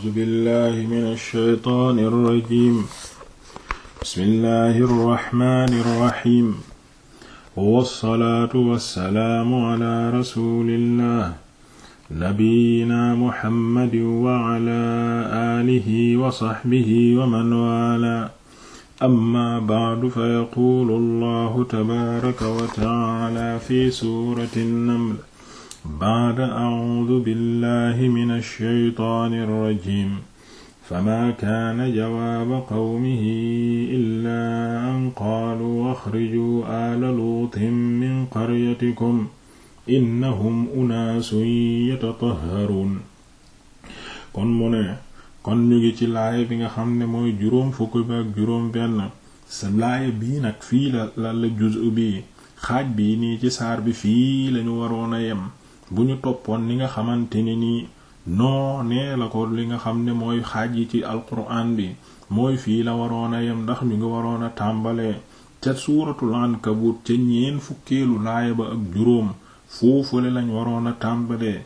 A'uuzu billaahi mina shaytaani rajiim bismillaahi rahmaani rahiim wassalaatu wassalaamu alaa rasuulillaah nabiyyinaa Muhammadin wa alaa aalihi wa sahbihi wa man waalaa amma ba'du fa yaquulu Allaahu tabaaraka wa ta'aalaa fi suurati Naml baada acuudu billahi min alsheytaani alrajim famaa kaana jawaaba qawmihi illaa min qaryatikum innahum unaasun yatatahharuun kon mu ne kon ñu ngi ci laaya bi xam ne mooy juróom fukki bi juróom benn sa laaya bii nag fii la la la bi xaaj bi nii ci saar bi fii lañu waroon a yem bu ñu toppoon li nga xamante ne nii noonee la ko li nga xam ne mooy xaaj yi ci alquran bi mooy fii la waroon a yem ndax ñu ngi waroon a tàmbalee ca suuratul ankabut ca ñeen fukkeelu laaya ba ak juróom foofule lañ waroon a tàmbalee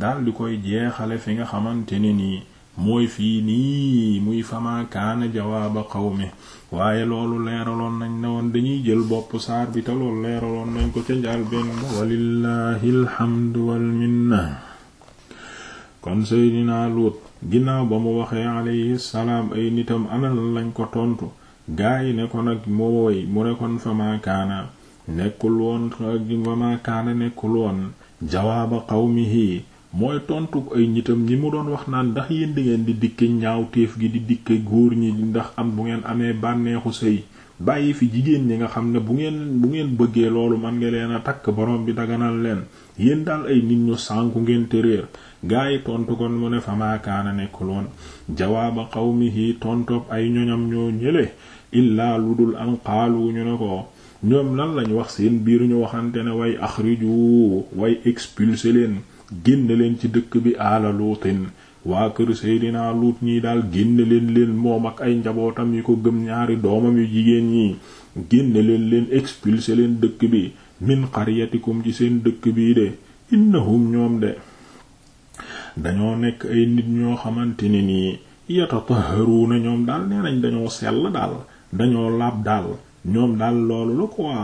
daldi koy jeexale fi nga xamante ne nii mooy fii nii muy famaa kaana jawaaba qawmi waaye loolu leeraloon nañ ne woon dañuy jël bopp saar bi te loolu leeraloon nañ ko ca njaal benn walillahi alhamdu wal minna kon seydinaa Luut ginnaaw ba mu waxee alayhi ay nitam anal lañ ko tontu gaa yi ne ko nag mooy mu ne kon famaa nekkul woon famaa kaana nekkul mooy tontu ay ñitam ñi mu doon wax naan ndax yéen di ngeen di dikke ñaawteef gi di dikk góor ñi ndax am bu ngeen amee bànneexu sëy bàyyi fi jigéen ñi nga xam ne bu ngeen bu ngeen bëggee loolu man nga leen a takk borom bi daganal leen yéen daal ay nit ñu sànku ngeen te réer gaa yi tontu kon mu ne fa maakaana nekkuloon jawaaba qawmihi tontoob ay ñoñam ñoo ñële illaa lu dul an qaalu ñu ne ko ñoom lan lañu wax seen biir ñu waxante ne way axriju way expulser leen génn leen ci dëkk bi aala luutin waa kër Seydina Luut ñii daal génn leen leen moom ak ay njabootam yi ko gëm ñaari doomam yu jigéen ñi génn leen leen expulsé leen dëkk bi min qaryatikum ci seen dëkk bii de innahum ñoom de dañoo nekk ay nit ñoo xamante ni nii yatataharuuna ñoom daal nee dañoo sell daal dañoo laab daal ñoom daal loolu la quoi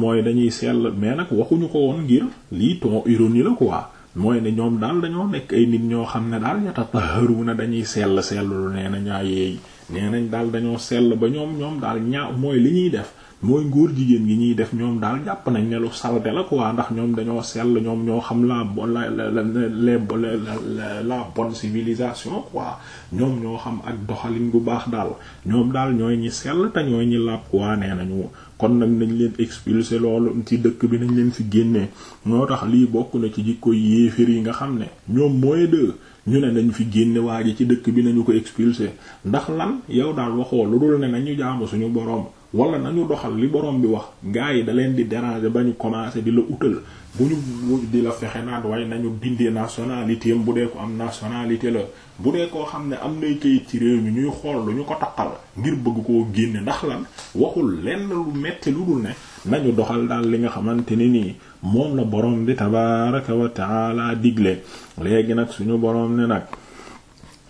mooy dañuy sell mais waxuñu ko woon ngir lii ton ironie la quoi mooy ne ñoom daal dañoo nekk ay nit ñoo xam ne daal na dañuy sell sellu nee na ñaa yeey nee nañ daal dañoo sell ba ñoom ñoom daal ñaaw mooy li ñuy def mooy ngóor jigéen gi ñuy def ñoom daal jàpp nañ ne lu salte la waa ndax ñoom dañoo sell ñoom ñoo xam la la la la bonne civilisation ñoom ñoo xam ak doxalin gu baax daal ñoom daal ñooy ñi sell te ñooy ñi làpp quoi nee nañu kon nag nañ leen expulser loolu ci dëkk bi nañ leen fi génnee ñoo tax lii bokk na ci jikko yéefér yi nga xam ne ñoom mooy de ñu ne nañu fi génne waa ji ci dëkk bi nañu ko expulser ndax lan yow daal waxoo lu dul ne nañu jaamu suñu boroom wala nañu doxal li boroom bi wax gars yi da leen di déranger ba ñu commencer di la utal bu ñu di la fexe naan waaye nañu dindee nationalité am bu dee ko am nationalité la bu koo xam ne am nay kayit ci réew mi ñuy xool lu ñu ko taqal ngir bëgg koo génne ndax lan waxul lenn lu metti lu dul ne nañu doxal daal li nga xamante ni nii moom la boroom bi tabaraka wa taala digle léegi nag suñu boroom ne nag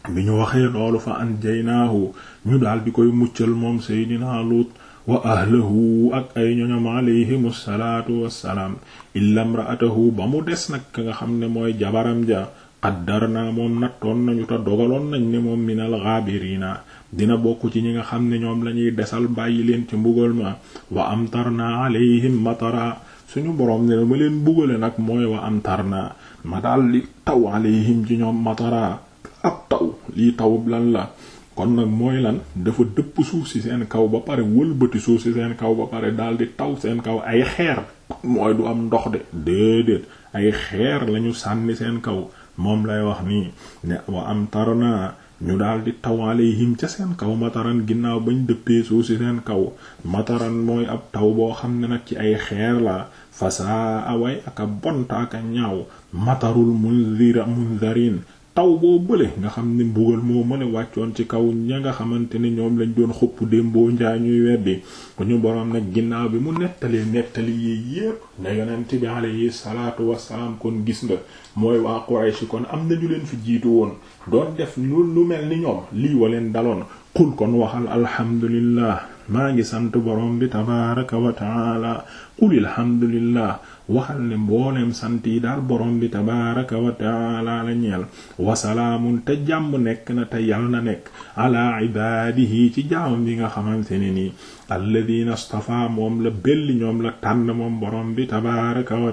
bi ñu waxee loolu fa anjaynaahu ñu daal di koy muccal moom Seydina Lut wa ahlahu ak ay ñoñom alayhim salaatu wassalaam illa imra'atahu ba mu des nag ka nga xam ne mooy jabaram ja qaddarna moom nattoon nañu te dogaloon nañ ne moom minal ghaabiriina dina bokk ci ñi nga xam ne ñoom lañuy desal bàyyi leen ci mbugal ma wa amtarna alayhim matara suñu boroom ne ma leen bugale nag mooy wa amtarna ma daal li taw alayhim ci ñoom matara ab taw lii taw lan la kon nag mooy lan dafa dëpp suuf si seen kaw ba pare wëlbati suuf si seen kaw ba pare di taw seen kaw ay xeer mooy du am ndox de déedéet ay xeer lañu sànni seen kaw moom lay wax nii ne wa am tarna ñu di taw alayhim ca seen kaw mataran ginnaaw bañ dëppee suuf si seen kaw mataran mooy ab taw boo xam ne nag ci ay xeer la fasaa away aka bonta aka ñaaw matarul munzira munzarin taw boo bële nga xam ni mbugal moo mën a wàccoon ci kaw ña nga xamante ni ñoom lañ doon xupp démboo njaay ñuy weddi ku ñu boroom nag ginnaaw bi mu nettalee nettali yi yépp ne yonent bi alayhi salaatu wassalaam kon gis nga mooy waa Quraysh kon am na nañu leen fi jiitu woon doon def lu lu mel ni ñoom lii wa leen daloon xul kon waxal alhamdulillah maa ngi sant borom bi tabaraka wa taala qulil waxal ne mbooleem sant yi daal borom bi tabaraka wa la ñeel wasalaamun te jàmm nekk na te yal nekk ala ibaadihi ci jaamam bi nga xamante ne nii alladina stafa moom la belli ñoom la tànn moom borom bi tabaraka wa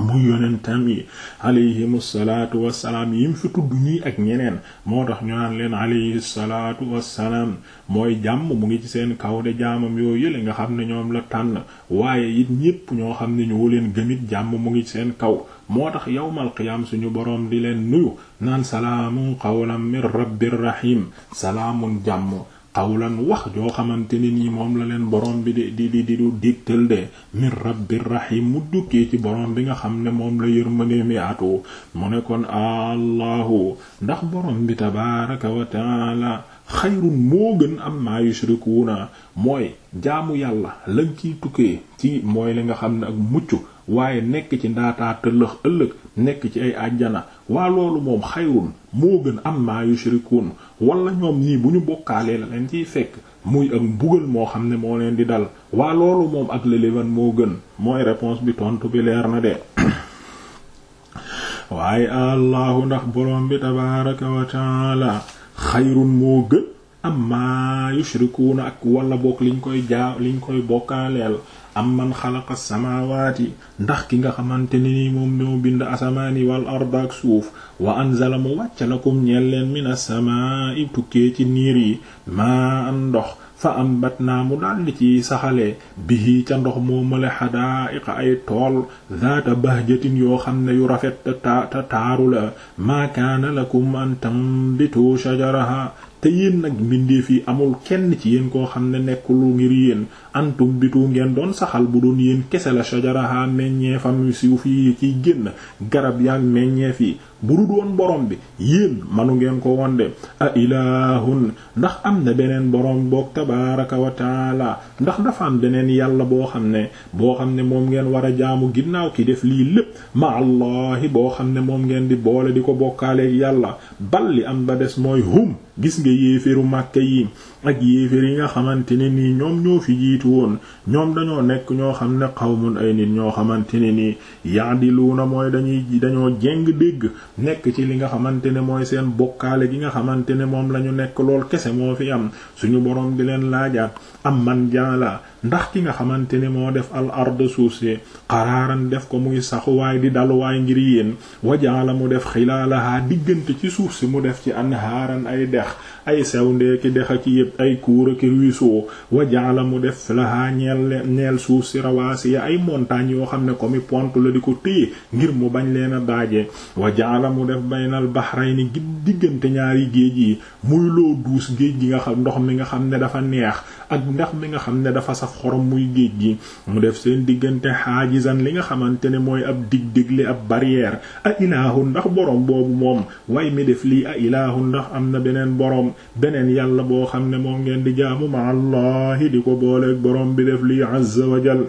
muy yonentam yi alayhimu salaatu wassalaam yim fi tudd ñii ak ñeneen moo tax ñu naan leen alayhi salaatu wassalaam mooy jàmm mu ngi ci seen kaw de jaamam yoo yële nga xam ne ñoom la tànn waaye it ñépp ñoo xam ne ñu leen gëmit jàmm mu ngi ci seen kaw moo tax yawmal qiyaam suñu boroom di leen nuyu naan salaamun qawlan min rabbir rahim salaamun jàmm qawlan wax joo xamante ne nii moom la leen borom bi di di di di du digtal de min rabbir rahim mu dukkee ci borom bi nga xam ne moom la yërmande mi atu mu ne kon allahu ndax borom bi tabaaraka wa taala moo gën am maa yushrikuuna mooy jaamu yàlla lañ ciy tukkee ci mooy li nga xam ne ak mucc waaye nekk ci ndaataa tëllëx ëllëg nekk ci ay àjjana waa loolu moom xayrun moo gën am maa yushrikuun wala ñoom nii bu ñu bokkaalee la leen ciy fekk muy ak mbugal moo xam ne moo leen di dal waa loolu moom ak lëléwan moo gën mooy réponse bi tontu bi leer na de waaye allahu ndax borom bi tabaaraka wa taala xayrun moo gën ma yushrikuuna ak wala bokk liñ koy jaa liñ koy bokkaaleel am man xalaqa samaawaati ndax ki nga xamante ni moom moo bind asamaani wal ard ak suuf wa anzala mu wàcc lakum ñeel leen mina samaa'i tukkee ci niir yi maa am ndox fa ambatnaa mu daldi ci saxalee bihi ca ndox moo male xadaa'iqa ay tool zaata bahjatin yoo xam ne yu rafet ta taaru la maa kaana lakum an tambitu shajaraha te yéen nag mbindeef yi amul kenn ci yéen koo xam ne nekkul ngir yéen antum bitu ngeen doon saxal bu doon yéen kese la shajaraha meññeefam yu siw fii ciy génn garab yaak meññeef yi bu dul woon borom bi yéen manu ngeen ko woon de a ilahun ndax am na beneen borom boog tabaraka wa taala ndax dafa am beneen yàlla boo xam ne boo xam ne moom ngeen war a jaamu ginnaaw ki def lii lépp ma allahi boo xam ne moom ngeen di boole di ko bokkaaleeg yàlla balli am ba des mooy hum gis nga yéeféru màkke yi ak yéefér yi nga xamante ne nii ñoom ñoo fi jiitu woon ñoom dañoo nekk ñoo xam ne xawmu ay nit ñoo xamante ne nii yaadiluuna mooy dañuy dañoo jeng dégg nekk ci li nga xamante ne mooy seen bokkaale gi nga xamante ne moom lañu nekk lool kese moo fi am suñu boroom di leen laajaat am man jaala ndax ki nga xamante ne moo def al ard suuf si qaraaran def ko muy saxuwaay di daluwaay ngir yéen wa la mu def xilaalahaa diggante ci suuf si mu def ci anhaaran ay dex ay sew ki dex ak yépp ay kuur ak ruisseau wa la mu def la ñeel ñeel suuf si rawaasi ay montagnes yoo xam ne ko mi pont la di ko téye ngir mu bañ leen a daaje wa mu def baynal bahrayni gi diggante ñaari géej yi muy loo duus géej gi nga xam ndox mi nga xam ne dafa neex ndex mi nga xam ne dafa saf xorom muy géej gi mu def seen diggante xaajizan li nga xamante ne mooy ab dig-digle ab barrière a ilaahu ndax boroom boobu moom way mi def lii a ilaahu ndax am na beneen boroom beneen yàlla boo xam ne moom ngeen di jaamu ma allahi di ko booleeg boroom bi def lii azza wa jal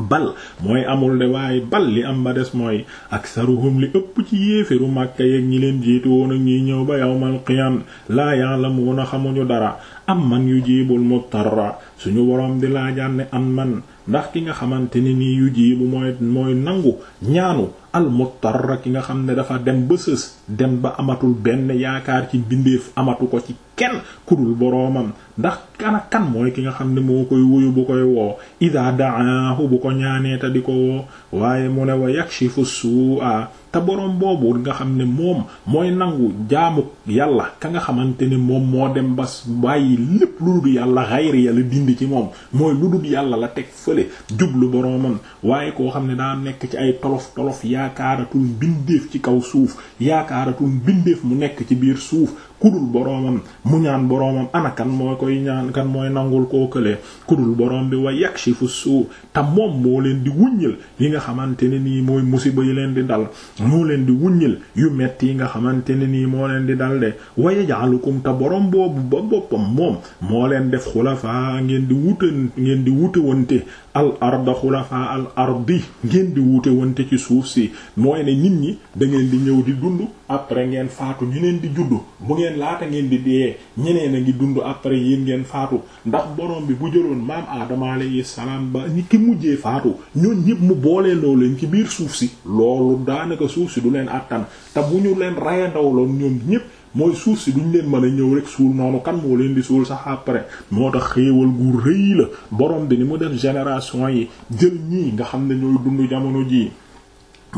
bal mooy amul de waaye bal li am ba des mooy aksaruhum li ëpp ci yéefiru màkka yeeg ñi leen jiitu woon ak ñiy ñëw ba yawmal qiyam laa ya'lamuna xamuñu dara am man yu jiibul muttarra suñu boroom di laajaan am man ndax ki nga xamante ni nii yu jiibu mooy mooy nangu ñaanu al muttarra ki nga xam ne dafa dem ba sës dem ba amatul benn yaakaar ci bindeef amatu ko ci kenn ku dul boroomam ndax kan ak ki nga xam ne moo koy wuyu bu koy woo ida daahu bu ko ñaanee ta di ko woo waaye mu ne wa yakshifu su'a te boroom boobu nga xam ne moom mooy nangu jaamu yàlla ka nga xamante ne moom moo dem ba bàyyi lépp lu dul yàlla xayri yàlla dindi ci moom mooy lu dul yàlla la teg fële jublu boroomam waaye koo xam ne daa nekk ci ay tolof tolof yaakaaratul mbindeef ci kaw suuf yaakaaratul mbindeef mu nekk ci biir suuf kudul boroomam mu ñaan boroomam ana kan moo koy ñaan kan mooy nangul koo kële kudul boroom bi wa fu suu te moom moo leen di wuññil li nga xamante ne nii mooy musiba yi leen di dal moo leen di wuññil yu metti yi nga xamante ne nii moo leen di dal de wayajaalukum te borom boobu ba boppam moom moo leen def xulafaa ngeen di wute ngeen di wute wante al arda xulafaa al ardi ngeen di wute wante ci suuf si mooy ne nit ñi da ngeen di ñëw di dund après ngeen faatu ñu leen di juddu bu ngeen laata ngeen di dee ñeneen a ngi dund après yéen ngeen faatu ndax borom bi bu jëloon maam aadama alayhi salaam ba ñi ki mujjee faatu ñun ñëpp mu boolee loo leen ci biir suuf si loolu daanaka suuf si du leen attan te bu ñu leen rayandawloon ñoom ñëpp mooy suuf si duñ leen mën a ñëw rek suul noonu kan moo leen di suul sax après moo tax xéewal gu rëy la borom bi ni mu def génération yi jël ñii nga xam ne ñooy dund jamono jii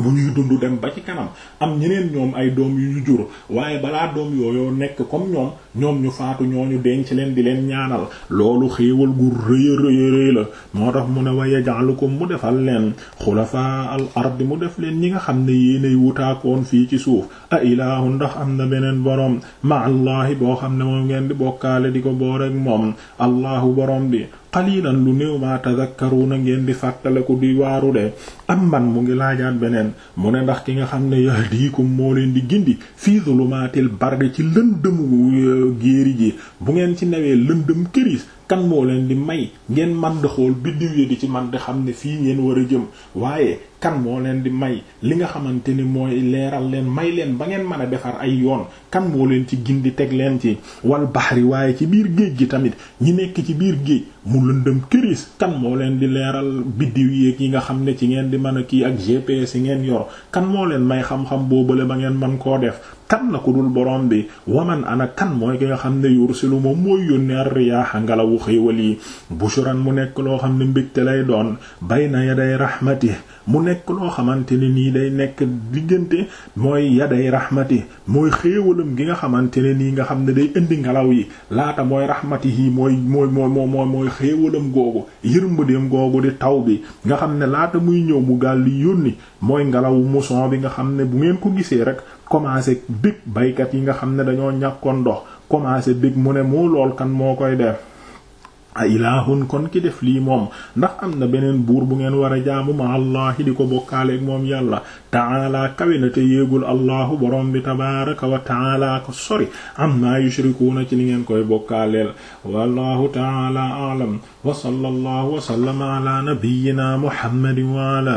bu ñuy dund dem ba ci kanam am ñeneen ñoom ay doom yu ñu jur waaye balaa doom yooyu nekk comme ñoom ñoom ñu faatu ñooñu denc leen di leen ñaanal loolu xéewal gu rëy a rëy la moo tax mu ne wa yaj'alukum mu defal leen xulafaa al ard mu def leen ñi nga xam ne yéenay wutaakoon fii ci suuf a ilaahu ndax am na beneen boroom ma allahi boo xam ne moom ngeen di bokkaale di ko boor ak moom allahu boroom bi qalilan lu néew ma na ngeen di fàttaliku di waaru de am man mu ngi laajaat beneen mu ne ndax ki nga xam ne yahdiikum moo leen di gindi lu fii zulumaatil barri ci lëndëm euh, géeri ji bu ngeen ci newee lëndëm këris kan moo leen di may ngeen man di xool biddiw di ci man di xam ne fii ngeen war a jëm waaye kan moo leen di may li nga xamante ni mooy leeral leen may leen ba ngeen mën a defar ay yoon kan moo leen ci gindi teg leen ci wal baxri waaye ci biir géej gi tamit ñi nekk ci biir géej mu lëndëm kiris kan moo leen di leeral biddiw yeeg yi nga xam ne ci ngeen di mën a kii ak GPS yi ngeen yor kan moo leen may xam-xam boobale ba ngeen man koo def kan la ko dul borom bi waman ana kan mooy ki nga xam ne yursilu moom mooy yónne ar-riyaaha ngelawu xéewal yi bushran mu nekk loo xam ne mbégte lay doon na yaday rahmati mu nekk loo xamante ne nii day nekk diggante mooy yaday rahmati mooy xéewalam gi nga xamante ne nii nga xam ne day indi ngelaw yi laata mooy rahmati yi mooy mooy mooy mooy mooy xéewalam googu yërmandeem googu di taw bi nga xam ne laata muy ñëw mu gaal di yónni mooy ngelawu mousson bi nga xam ne bu ngeen ko gisee rek commencé bég baykat yi nga xam ne dañoo ñàkkoon ndox commencé bég mu ne mu lool kan moo koy def a kon ki def lii moom ndax am na beneen buur bu ngeen war a jaamu ma allahi di ko bokkaaleeg moom yàlla taala kawe na te yéegul allahu borom bi tabaraka wa taala ko sori amma yushrikuuna ci li ngeen koy bokkaaleel wallahu taala aalam wa sallallahu wa sallama ala nabiyyina muhammadin wa ala